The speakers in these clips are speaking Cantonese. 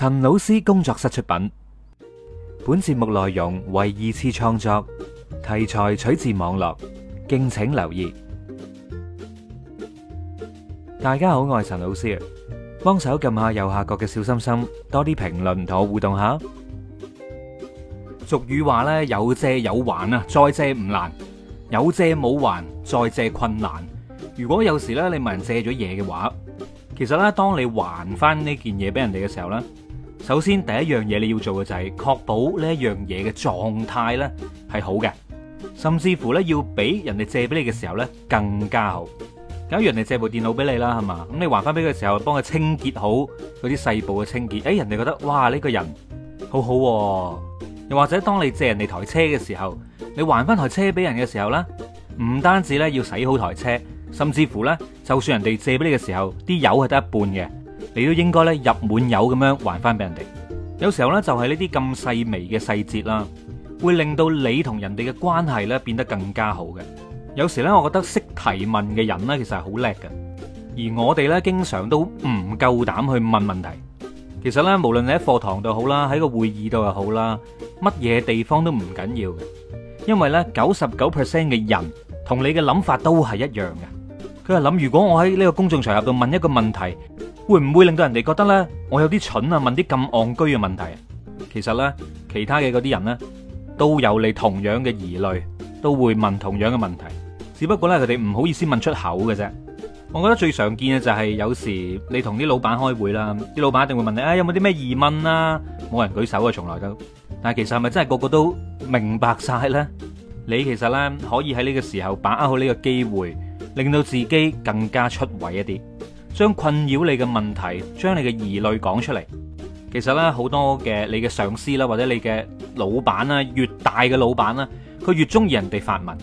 陳老師工作室出品，本節目內容為二次創作，題材取自網絡，敬請留意。大家好，我係陳老師啊，幫手撳下右下角嘅小心心，多啲評論同我互動下。俗語話呢：「有借有還啊，再借唔難；有借冇還，再借困難。」如果有時咧你問人借咗嘢嘅話，其實咧當你還翻呢件嘢俾人哋嘅時候咧。首先第一樣嘢你要做嘅就係確保呢一樣嘢嘅狀態咧係好嘅，甚至乎咧要比人哋借俾你嘅時候咧更加好。假如人哋借部電腦俾你啦，係嘛，咁你還翻俾佢嘅時候，幫佢清潔好嗰啲細部嘅清潔，誒、哎、人哋覺得哇，呢個人好好啊。又或者當你借人哋台車嘅時候，你還翻台車俾人嘅時候咧，唔單止咧要洗好台車，甚至乎咧就算人哋借俾你嘅時候，啲油係得一半嘅。你都應該咧入滿油咁樣還翻俾人哋。有時候呢就係呢啲咁細微嘅細節啦，會令到你同人哋嘅關係呢變得更加好嘅。有時呢，我覺得識提問嘅人呢，其實係好叻嘅。而我哋呢，經常都唔夠膽去問問題。其實呢，無論你喺課堂度好啦，喺個會議度又好啦，乜嘢地方都唔緊要嘅。因為呢，九十九 percent 嘅人同你嘅諗法都係一樣嘅。佢係諗，如果我喺呢個公眾場合度問一個問題，會唔會令到人哋覺得呢，我有啲蠢啊？問啲咁戇居嘅問題，其實呢，其他嘅嗰啲人呢，都有你同樣嘅疑慮，都會問同樣嘅問題，只不過呢，佢哋唔好意思問出口嘅啫。我覺得最常見嘅就係有時你同啲老闆開會啦，啲老闆一定會問你：啊，有冇啲咩疑問啊？冇人舉手啊，從來都。但係其實係咪真係個個都明白曬呢？你其實呢可以喺呢個時候把握好呢個機會，令到自己更加出位一啲。將困擾你嘅問題，將你嘅疑慮講出嚟。其實咧，好多嘅你嘅上司啦，或者你嘅老闆啦，越大嘅老闆啦，佢越中意人哋發問，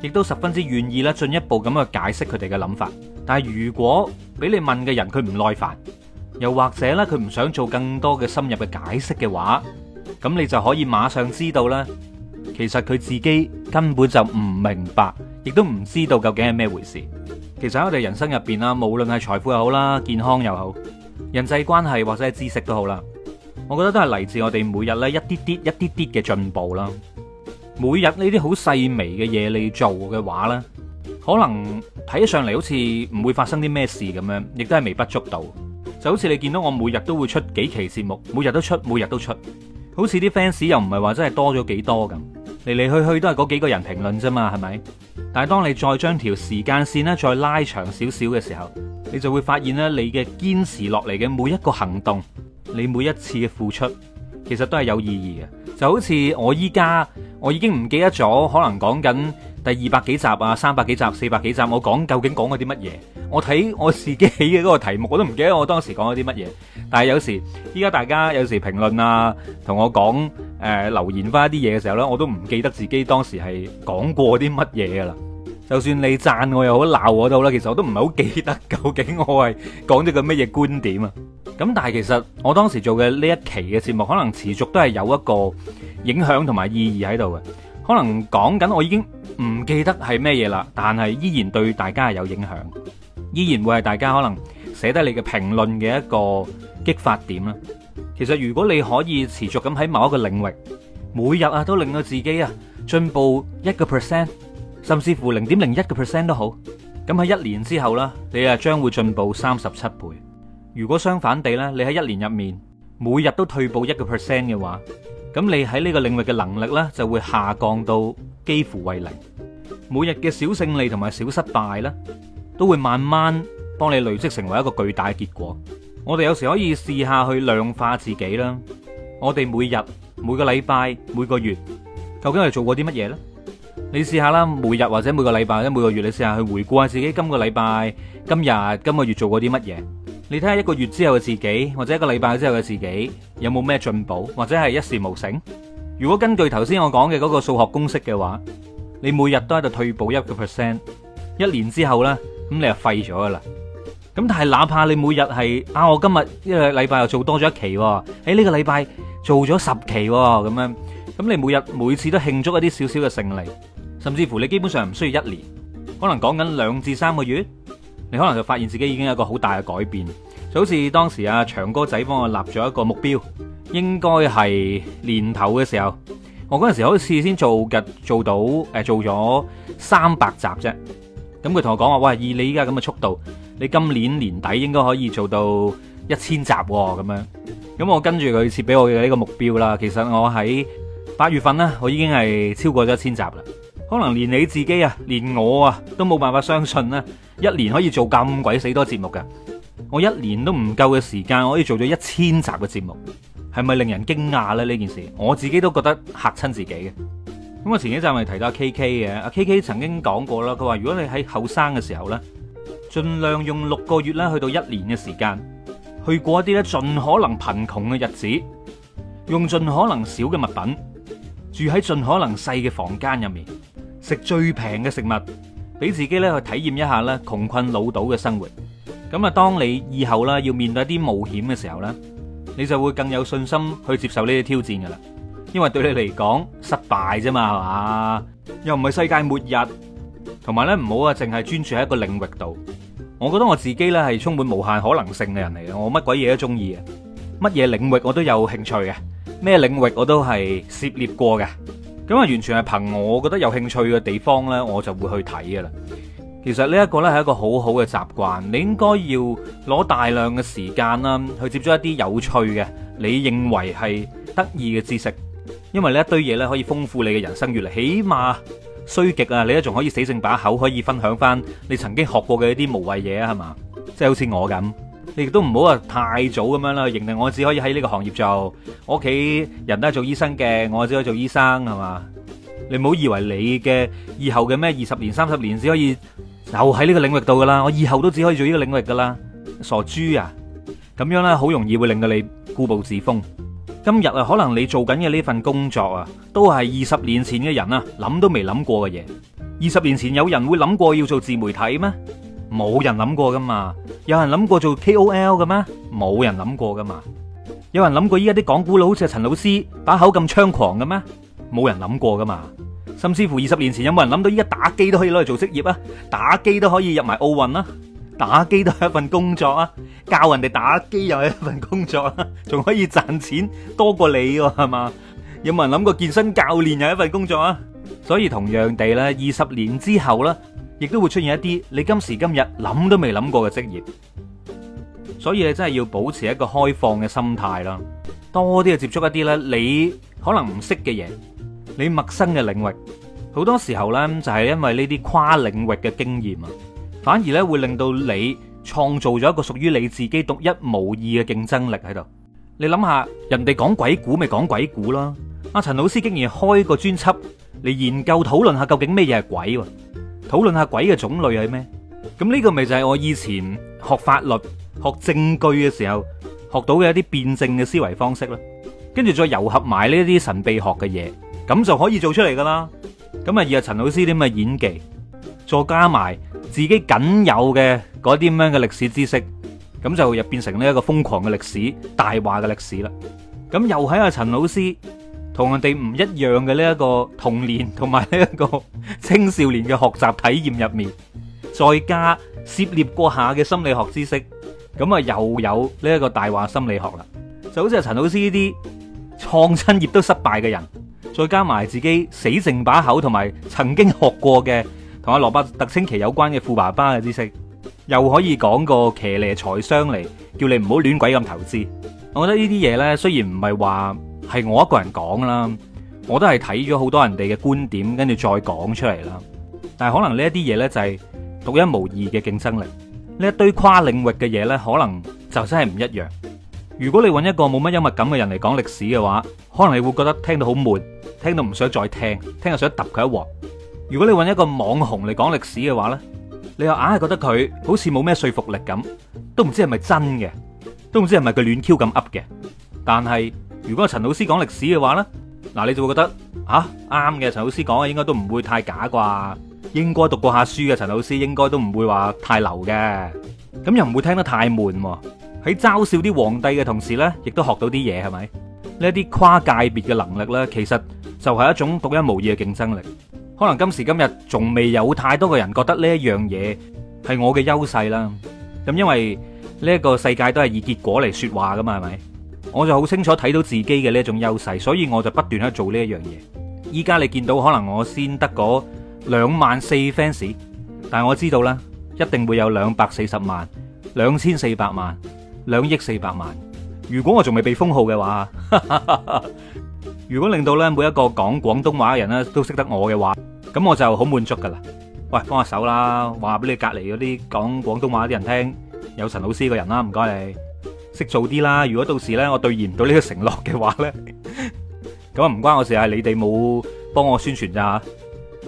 亦都十分之願意啦，進一步咁去解釋佢哋嘅諗法。但係如果俾你問嘅人佢唔耐煩，又或者咧佢唔想做更多嘅深入嘅解釋嘅話，咁你就可以馬上知道啦。其實佢自己根本就唔明白，亦都唔知道究竟係咩回事。其實喺我哋人生入邊啦，無論係財富又好啦，健康又好，人際關係或者係知識都好啦，我覺得都係嚟自我哋每日咧一啲啲、一啲啲嘅進步啦。每日呢啲好細微嘅嘢你要做嘅話咧，可能睇上嚟好似唔會發生啲咩事咁樣，亦都係微不足道。就好似你見到我每日都會出幾期節目，每日都出，每日都出，好似啲 fans 又唔係話真係多咗幾多咁。嚟嚟去去都係嗰幾個人評論啫嘛，係咪？但係當你再將條時間線咧再拉長少少嘅時候，你就會發現咧，你嘅堅持落嚟嘅每一個行動，你每一次嘅付出，其實都係有意義嘅。就好似我依家我已經唔記得咗，可能講緊第二百幾集啊、三百幾集、四百幾集，我講究竟講咗啲乜嘢？我睇我自己嘅嗰個題目，我都唔記得我當時講咗啲乜嘢。但係有時依家大家有時評論啊，同我講。誒留言翻一啲嘢嘅時候呢，我都唔記得自己當時係講過啲乜嘢噶啦。就算你讚我又好鬧我都好啦，其實我都唔係好記得究竟我係講咗個乜嘢觀點啊。咁但係其實我當時做嘅呢一期嘅節目，可能持續都係有一個影響同埋意義喺度嘅。可能講緊我已經唔記得係咩嘢啦，但係依然對大家係有影響，依然會係大家可能寫低你嘅評論嘅一個激發點啦。其實如果你可以持續咁喺某一個領域，每日啊都令到自己啊進步一個 percent，甚至乎零點零一個 percent 都好，咁喺一年之後啦，你啊將會進步三十七倍。如果相反地咧，你喺一年入面每日都退步一個 percent 嘅話，咁你喺呢個領域嘅能力咧就會下降到幾乎為零。每日嘅小勝利同埋小失敗咧，都會慢慢幫你累積成為一個巨大嘅結果。我哋有時可以試下去量化自己啦。我哋每日、每個禮拜、每個月，究竟係做過啲乜嘢呢？你試下啦，每日或者每個禮拜或者每個月，你試下去回顧下自己今個禮拜、今日、今個月做過啲乜嘢？你睇下一個月之後嘅自己，或者一個禮拜之後嘅自己，有冇咩進步，或者係一事無成？如果根據頭先我講嘅嗰個數學公式嘅話，你每日都喺度退步一個 percent，一年之後呢，咁你就廢咗噶啦。咁但係哪怕你每日係啊，我今日呢個禮拜又做多咗一期喎，喺呢個禮拜做咗十期喎，咁樣，咁你每日每次都慶祝一啲少少嘅勝利，甚至乎你基本上唔需要一年，可能講緊兩至三個月，你可能就發現自己已經有一個好大嘅改變，就好似當時阿長哥仔幫我立咗一個目標，應該係年頭嘅時候，我嗰陣時好似先做嘅做到誒做咗三百集啫，咁佢同我講話，喂，以你依家咁嘅速度。你今年年底應該可以做到一千集喎，咁樣，咁我跟住佢設俾我嘅呢個目標啦。其實我喺八月份呢，我已經係超過咗一千集啦。可能連你自己啊，連我啊，都冇辦法相信咧，一年可以做咁鬼死多節目嘅。我一年都唔夠嘅時間，我可以做咗一千集嘅節目，係咪令人驚訝呢？呢件事我自己都覺得嚇親自己嘅。咁我前幾集咪提到 KK 嘅，阿 KK 曾經講過啦，佢話如果你喺後生嘅時候呢。盡量用六個月啦，去到一年嘅時間，去過一啲咧盡可能貧窮嘅日子，用盡可能少嘅物品，住喺盡可能細嘅房間入面，食最平嘅食物，俾自己咧去體驗一下啦，窮困潦倒嘅生活。咁啊，當你以後啦要面對一啲冒險嘅時候咧，你就會更有信心去接受呢啲挑戰噶啦，因為對你嚟講失敗啫嘛，係嘛，又唔係世界末日。同埋咧，唔好啊，淨係專注喺一個領域度。我覺得我自己呢，係充滿無限可能性嘅人嚟嘅，我乜鬼嘢都中意嘅，乜嘢領域我都有興趣嘅，咩領域我都係涉獵過嘅。咁啊，完全係憑我覺得有興趣嘅地方呢，我就會去睇噶啦。其實呢一個呢係一個好好嘅習慣，你應該要攞大量嘅時間啦，去接觸一啲有趣嘅，你認為係得意嘅知識，因為呢一堆嘢呢，可以豐富你嘅人生閱歷，起碼。衰極啊！你都仲可以死剩把口，可以分享返你曾經學過嘅一啲無謂嘢啊，係嘛？即係好似我咁，你亦都唔好話太早咁樣啦，認定我只可以喺呢個行業做。我屋企人都係做醫生嘅，我只可以做醫生，係嘛？你唔好以為你嘅以後嘅咩二十年、三十年只可以留喺呢個領域度噶啦，我以後都只可以做呢個領域噶啦，傻豬啊！咁樣呢，好容易會令到你固步自封。今日啊，可能你做緊嘅呢份工作啊，都係二十年前嘅人啊諗都未諗過嘅嘢。二十年前有人會諗過要做自媒體咩？冇人諗過噶嘛。有人諗過做 K O L 嘅咩？冇人諗過噶嘛。有人諗過依家啲講古佬好似陳老師把口咁猖狂嘅咩？冇人諗過噶嘛。甚至乎二十年前有冇人諗到依家打機都可以攞嚟做職業啊？打機都可以入埋奧運啊？打機都係一份工作啊，教人哋打機又係一份工作啊，仲可以賺錢多過你喎，係嘛？有冇人諗過健身教練又係一份工作啊？所以同樣地咧，二十年之後咧，亦都會出現一啲你今時今日諗都未諗過嘅職業。所以你真係要保持一個開放嘅心態啦，多啲去接觸一啲咧你可能唔識嘅嘢，你陌生嘅領域，好多時候呢就係因為呢啲跨領域嘅經驗啊。反而咧，會令到你創造咗一個屬於你自己獨一無二嘅競爭力喺度。你諗下，人哋講鬼故咪講鬼故咯。阿、啊、陳老師竟然開個專輯嚟研究討論下究竟咩嘢係鬼，啊，討論下鬼嘅種類係咩？咁呢個咪就係我以前學法律、學證據嘅時候學到嘅一啲辯證嘅思維方式咯。跟住再糅合埋呢啲神秘學嘅嘢，咁就可以做出嚟噶啦。咁啊以阿陳老師啲咁嘅演技，再加埋。自己僅有嘅嗰啲咁樣嘅歷史知識，咁就又變成呢一個瘋狂嘅歷史，大話嘅歷史啦。咁又喺阿陳老師同人哋唔一樣嘅呢一個童年同埋呢一個青少年嘅學習體驗入面，再加涉獵過下嘅心理學知識，咁啊又有呢一個大話心理學啦。就好似阿陳老師呢啲創新業都失敗嘅人，再加埋自己死剩把口同埋曾經學過嘅。同阿羅伯特清崎有關嘅富爸爸嘅知識，又可以講個騎呢財商嚟，叫你唔好亂鬼咁投資。我覺得呢啲嘢呢，雖然唔係話係我一個人講啦，我都係睇咗好多人哋嘅觀點，跟住再講出嚟啦。但係可能呢一啲嘢呢，就係獨一無二嘅競爭力。呢一堆跨領域嘅嘢呢，可能就真係唔一樣。如果你揾一個冇乜幽默感嘅人嚟講歷史嘅話，可能你會覺得聽到好悶，聽到唔想再聽，聽到想揼佢一鑊。如果你揾一個網紅嚟講歷史嘅話呢，你又硬係覺得佢好似冇咩說服力咁，都唔知係咪真嘅，都唔知係咪佢亂 Q 咁 up 嘅。但係如果係陳老師講歷史嘅話呢嗱，你就會覺得啊，啱嘅。陳老師講嘅應該都唔會太假啩，應該讀過下書嘅陳老師應該都唔會話太流嘅。咁又唔會聽得太悶喎。喺嘲笑啲皇帝嘅同時呢，亦都學到啲嘢，係咪？呢啲跨界別嘅能力呢，其實就係一種獨一無二嘅競爭力。可能今時今日仲未有太多嘅人覺得呢一樣嘢係我嘅優勢啦。咁因為呢一個世界都係以結果嚟說話噶嘛，係咪？我就好清楚睇到自己嘅呢一種優勢，所以我就不斷去做呢一樣嘢。依家你見到可能我先得嗰兩萬四 fans，但係我知道啦，一定會有兩百四十萬、兩千四百萬、兩億四百萬。如果我仲未被封號嘅話， 如果令到呢每一個講廣東話嘅人呢都識得我嘅話。咁我就好滿足噶啦！喂，幫下手啦，話俾你隔籬嗰啲講廣東話啲人聽。有陳老師個人啦，唔該你識做啲啦。如果到時咧，我兌現唔到呢個承諾嘅話咧，咁啊唔關我事，係你哋冇幫我宣傳咋。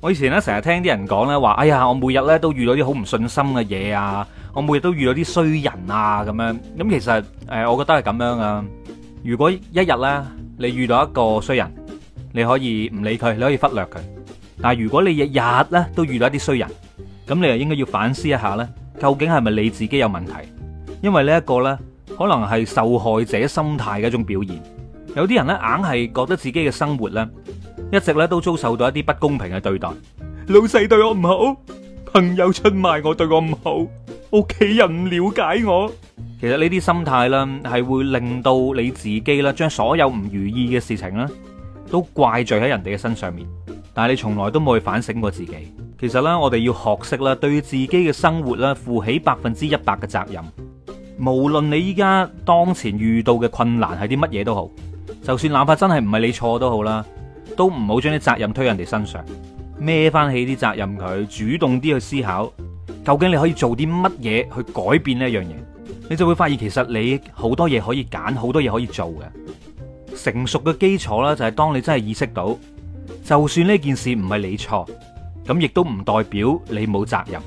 我以前咧成日聽啲人講咧，話哎呀，我每日咧都遇到啲好唔信心嘅嘢啊，我每日都遇到啲衰人啊咁樣。咁其實誒，我覺得係咁樣噶。如果一日咧，你遇到一個衰人，你可以唔理佢，你可以忽略佢。但係如果你日日咧都遇到一啲衰人，咁你又應該要反思一下咧，究竟係咪你自己有問題？因為呢一個咧，可能係受害者心態嘅一種表現。有啲人咧，硬係覺得自己嘅生活咧，一直咧都遭受到一啲不公平嘅對待。老細對我唔好，朋友出賣我，對我唔好，屋企人唔了解我。其實呢啲心態咧，係會令到你自己啦，將所有唔如意嘅事情咧，都怪罪喺人哋嘅身上面。但係你從來都冇去反省過自己。其實咧，我哋要學識啦，對自己嘅生活啦負起百分之一百嘅責任。無論你依家當前遇到嘅困難係啲乜嘢都好，就算哪怕真係唔係你錯都好啦，都唔好將啲責任推人哋身上，孭翻起啲責任佢，主動啲去思考，究竟你可以做啲乜嘢去改變呢一樣嘢。你就會發現，其實你好多嘢可以揀，好多嘢可以做嘅。成熟嘅基礎咧，就係當你真係意識到。就算呢件事唔係你錯，咁亦都唔代表你冇責任。